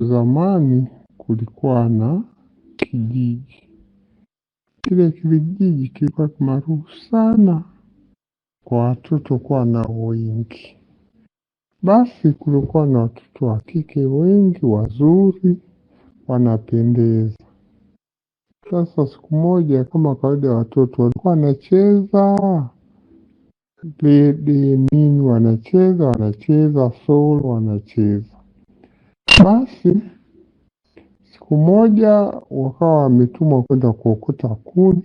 Zamani kulikuwa na kijiji. Kile kijiji kilikuwa maarufu sana kwa watoto kuwa nao wengi. Basi kulikuwa na watoto wa kike wengi wazuri, wanapendeza. Sasa siku moja, kama kawaida, watoto walikuwa wanacheza dede nini, wanacheza wanacheza solo, wanacheza basi siku moja wakawa wametumwa kwenda kuokota kuni,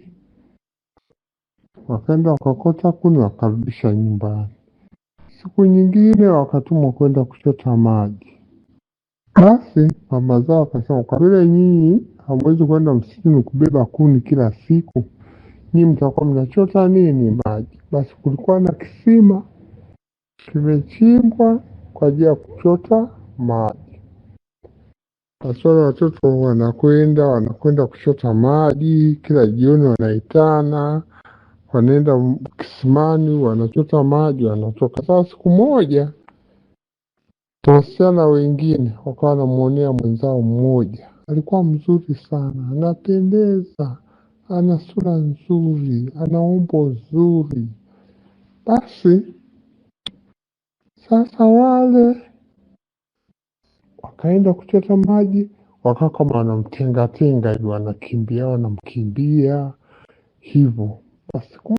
wakaenda wakaokota kuni wakarudisha nyumbani. Siku nyingine wakatumwa kwenda kuchota maji. Basi mama zao akasema, kwa vile nyinyi hamwezi kwenda msituni kubeba kuni kila siku, nyinyi mtakuwa mnachota nini maji? Basi kulikuwa na kisima kimechimbwa kwa ajili ya kuchota maji. Wachora watoto wanakwenda wanakwenda kuchota maji, kila jioni wanaitana, wanaenda kisimani wanachota maji wanatoka. Sasa siku moja wasichana wengine wakawa wanamwonea mwenzao mmoja, alikuwa mzuri sana, anapendeza, ana sura nzuri, ana umbo zuri. Basi sasa wale wakaenda kuchota maji, wakaka wanamtengatenga wanamtingatinga hivi wanamkimbia wanamkimbia hivo basi